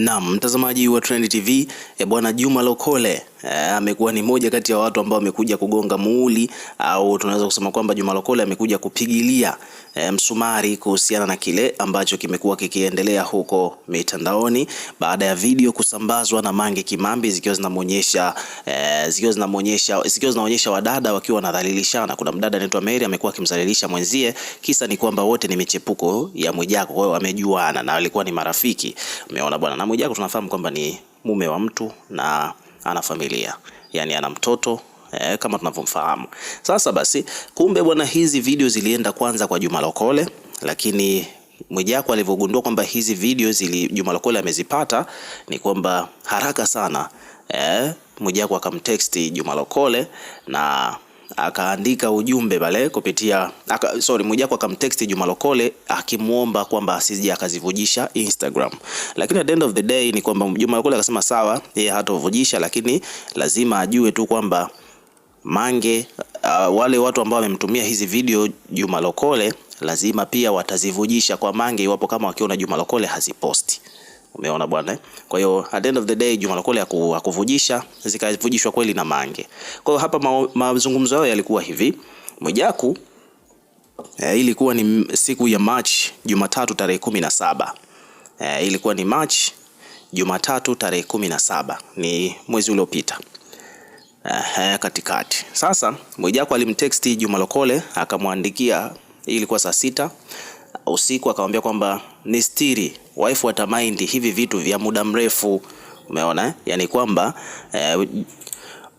Naam, mtazamaji wa Trend TV, e eh, bwana Juma Lokole eh, amekuwa ni moja kati ya watu ambao wamekuja kugonga muuli au tunaweza kusema kwamba Juma Lokole amekuja kupigilia eh, msumari kuhusiana na kile ambacho kimekuwa kikiendelea huko mitandaoni baada ya video kusambazwa na Mange Kimambi zikiwa zinamuonyesha eh, zikiwa zinamuonyesha zikiwa zinaonyesha wadada wakiwa wanadhalilishana. Kuna mdada anaitwa Mary amekuwa akimdhalilisha mwenzie, kisa ni kwamba wote ni michepuko ya Mwijaku, kwa hiyo wamejuana na walikuwa ni marafiki. Umeona bwana, na Mwijaku tunafahamu kwamba ni mume wa mtu na ana familia, yani ana mtoto eh, kama tunavyomfahamu. Sasa basi, kumbe bwana, hizi video zilienda kwanza kwa Juma Lokole, lakini Mwijaku alivyogundua kwamba hizi video zili Juma Lokole amezipata ni kwamba haraka sana eh, Mwijaku akamtext Juma Lokole na akaandika ujumbe pale kupitia aka, sorry Mwijaku akamtext Juma Lokole akimuomba kwamba asije akazivujisha Instagram, lakini at the end of the day ni kwamba Juma Lokole akasema sawa, yeye hatovujisha, lakini lazima ajue tu kwamba Mange uh, wale watu ambao wamemtumia hizi video Juma Lokole lazima pia watazivujisha kwa Mange iwapo kama wakiona Juma Lokole haziposti. Umeona bwana eh? Kwa hiyo at the end of the day Juma Lokole akuvujisha zikavujishwa kweli na Mange. Kwa hiyo hapa mazungumzo yao yalikuwa hivi. Mwijaku eh, ilikuwa ni siku ya March Jumatatu tarehe kumi na saba eh, ilikuwa ni March Jumatatu tarehe kumi na saba ni mwezi uliopita eh, katikati. Sasa Mwijaku alimtexti Juma Lokole akamwandikia, ilikuwa saa sita usiku, akamwambia kwamba ni stiri wife watamind hivi vitu vya muda mrefu. Umeona, eh? yani kwamba eh,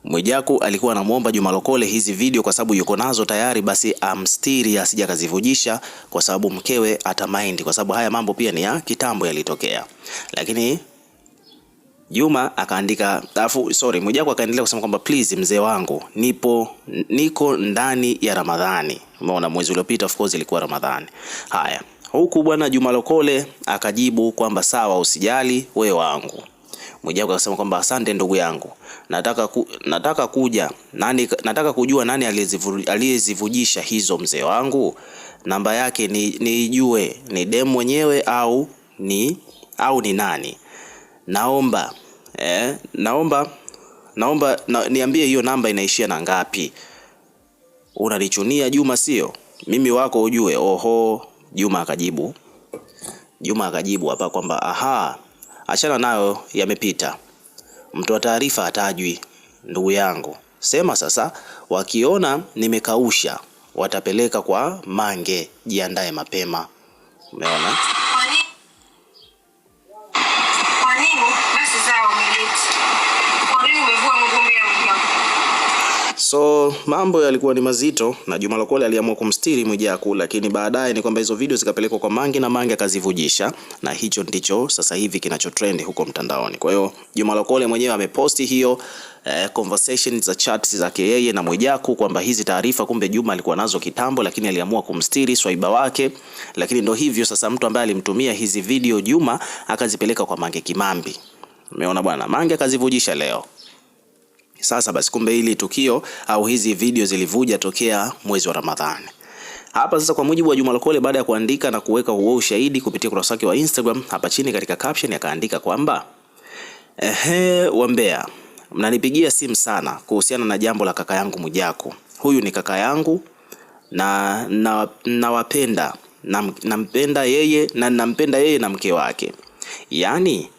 Mwijaku alikuwa anamwomba Juma Lokole hizi video kwa sababu yuko nazo tayari, basi amstiri asija kazivujisha, kwa sababu mkewe atamind, kwa sababu haya mambo pia ni ya kitambo yalitokea, lakini Juma akaandika afu, sorry, Mwijaku akaendelea kusema kwamba please, mzee wangu, nipo niko ndani ya Ramadhani. Umeona, mwezi uliopita of course ilikuwa Ramadhani. Haya. Huku bwana Juma Lokole akajibu kwamba sawa, usijali we wangu. Mwijaku akasema kwamba asante ndugu yangu, nataka, ku, nataka kuja nani, nataka kujua nani aliyezivujisha hizo mzee wangu, namba yake niijue, ni, ni dem mwenyewe au ni, au ni nani? Naomba eh, naomba naomba na, niambie hiyo namba inaishia na ngapi? Unalichunia Juma, sio mimi wako ujue. Oho, Juma akajibu Juma akajibu hapa kwamba aha, achana nayo, yamepita. Mtu wa taarifa atajwi ndugu yangu. Sema sasa, wakiona nimekausha watapeleka kwa Mange, jiandae mapema. Umeona? So mambo yalikuwa ni mazito na Juma Lokole aliamua kumstiri Mwijaku, lakini baadaye ni kwamba hizo video zikapelekwa kwa Mange na Mange akazivujisha, na hicho ndicho sasa hivi kinachotrend huko mtandaoni. Kwa hiyo Juma Lokole mwenyewe ameposti hiyo eh, conversation za chats zake yeye na Mwijaku kwamba hizi taarifa kumbe Juma alikuwa nazo kitambo, lakini aliamua kumstiri swaiba wake. Lakini ndo hivyo sasa, mtu ambaye alimtumia hizi video Juma akazipeleka kwa Mange Kimambi. Umeona bwana, Mange akazivujisha leo. Sasa basi, kumbe hili tukio au hizi video zilivuja tokea mwezi wa Ramadhani. Hapa sasa, kwa mujibu wa Juma Lokole, baada ya kuandika na kuweka huo ushahidi kupitia kurasa yake wa Instagram, hapa chini katika caption akaandika kwamba ehe, wambea mnanipigia simu sana kuhusiana na jambo la kaka yangu Mwijaku. Huyu ni kaka yangu na nawapenda na, na nampenda yeye na nampenda yeye na mke wake. Yaani,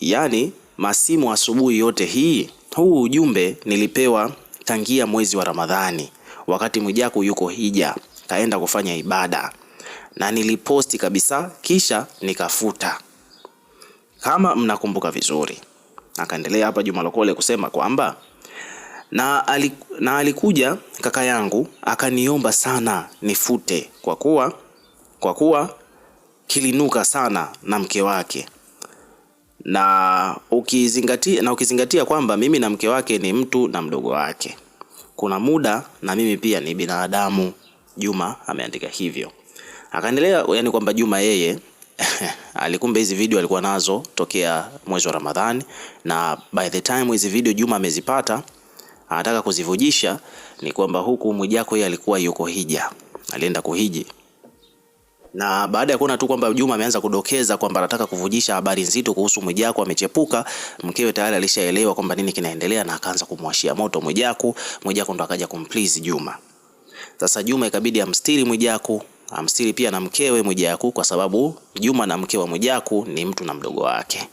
yaani masimu asubuhi yote hii huu ujumbe nilipewa tangia mwezi wa Ramadhani, wakati Mwijaku yuko hija, kaenda kufanya ibada na niliposti kabisa, kisha nikafuta, kama mnakumbuka vizuri. Akaendelea hapa Juma Lokole kusema kwamba na, alik na alikuja kaka yangu akaniomba sana nifute kwa kuwa, kwa kuwa kilinuka sana na mke wake na ukizingatia, na ukizingatia kwamba mimi na mke wake ni mtu na mdogo wake, kuna muda na mimi pia ni binadamu. Juma ameandika hivyo, akaendelea yani kwamba Juma yeye alikumbe hizi video alikuwa nazo tokea mwezi wa Ramadhani, na by the time hizi video Juma amezipata anataka kuzivujisha, ni kwamba huku Mwijako yeye alikuwa yuko hija, alienda kuhiji na baada ya kuona tu kwamba Juma ameanza kudokeza kwamba anataka kuvujisha habari nzito kuhusu Mwijaku amechepuka, mkewe tayari alishaelewa kwamba nini kinaendelea, na akaanza kumwashia moto Mwijaku. Mwijaku ndo akaja kumplease Juma. Sasa Juma ikabidi amstiri Mwijaku, amstiri pia na mkewe Mwijaku, kwa sababu Juma na mke wa Mwijaku ni mtu na mdogo wake.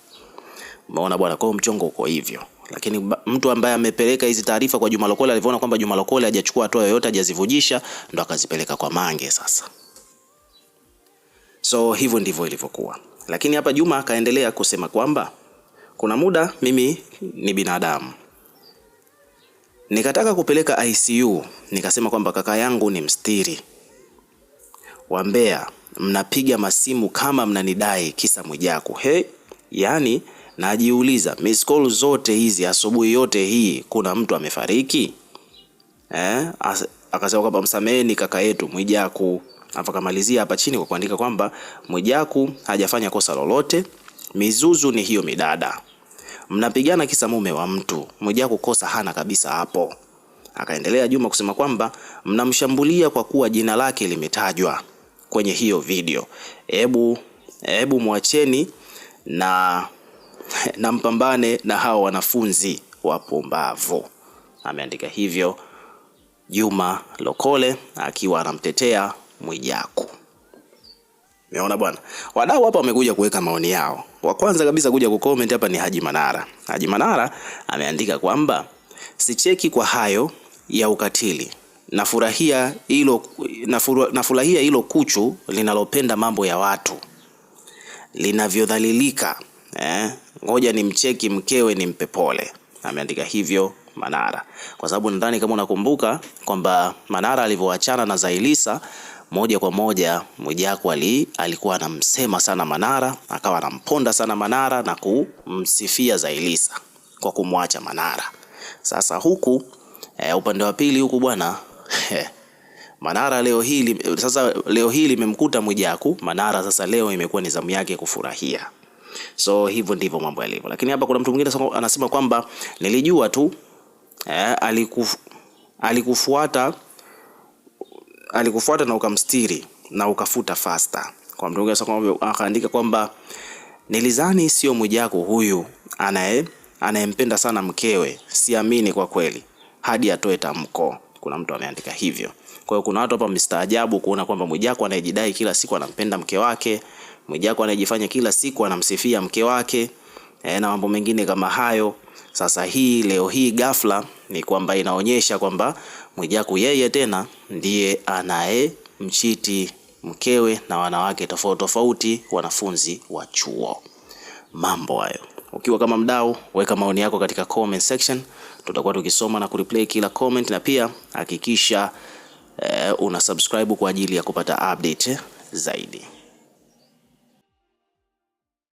Umeona bwana, kwa mchongo uko hivyo lakini mtu ambaye amepeleka hizi taarifa kwa Juma Lokole alivyoona kwamba Juma Lokole hajachukua hatua yoyote, hajazivujisha, ndo akazipeleka kwa Mange sasa. So hivyo ndivyo ilivyokuwa, lakini hapa Juma akaendelea kusema kwamba kuna muda mimi ni binadamu nikataka kupeleka ICU, nikasema kwamba kaka yangu ni mstiri wa Mbeya, mnapiga masimu kama mnanidai kisa Mwijaku. He, yani najiuliza miss call zote hizi asubuhi yote hii kuna mtu amefariki eh? Akasema kwamba msameheni kaka yetu Mwijaku. Alafu akamalizia hapa chini kwa kuandika kwamba Mwijaku hajafanya kosa lolote, mizuzu ni hiyo midada, mnapigana kisa mume wa mtu. Mwijaku kosa hana kabisa hapo. Akaendelea Juma kusema kwamba mnamshambulia kwa kuwa jina lake limetajwa kwenye hiyo video. Ebu, ebu mwacheni na, na mpambane na hao wanafunzi wapumbavu. Ameandika hivyo Juma Lokole akiwa anamtetea Mwijaku. Umeona bwana, wadau hapa wamekuja kuweka maoni yao. Wa kwanza kabisa kuja kucomment hapa ni Haji Manara. Haji Manara ameandika kwamba sicheki kwa hayo ya ukatili, nafurahia hilo, nafurahia hilo kuchu linalopenda mambo ya watu linavyodhalilika. Eh, ngoja ni mcheki mkewe ni mpe pole. Ameandika hivyo Manara kwa sababu nadhani kama unakumbuka kwamba Manara alivyoachana na Zailisa moja kwa moja Mwijaku ali, alikuwa anamsema sana Manara, akawa anamponda sana Manara na kumsifia Zailisa kwa kumwacha Manara. Sasa huku e, upande wa pili huku bwana eh, Manara leo hii sasa, leo hili limemkuta Mwijaku. Manara sasa leo imekuwa ni zamu yake kufurahia. So hivyo ndivyo mambo yalivyo, lakini hapa kuna mtu mwingine anasema kwamba nilijua tu e, eh, alikufu, alikufuata alikufuata na ukamstiri na ukafuta fasta. Kwa kwamba akaandika kwamba nilizani sio Mwijaku huyu anaye anayempenda sana mkewe, siamini kwa kweli hadi atoe tamko. Kuna mtu ameandika hivyo. Kwa hiyo kuna watu hapa mstaajabu kuona kwamba Mwijaku anayejidai kila siku anampenda mke wake, Mwijaku anayejifanya kila siku anamsifia mke wake e, na mambo mengine kama hayo. Sasa hii leo hii ghafla ni kwamba inaonyesha kwamba Mwijaku yeye tena ndiye mchiti mkewe na wanawake tofauti tofauti, wanafunzi wa chuo. Mambo hayo. Ukiwa kama mdau, weka maoni yako katika comment section, tutakuwa tukisoma na kureplay kila comment, na pia hakikisha eh, una subscribe kwa ajili ya kupata update zaidi.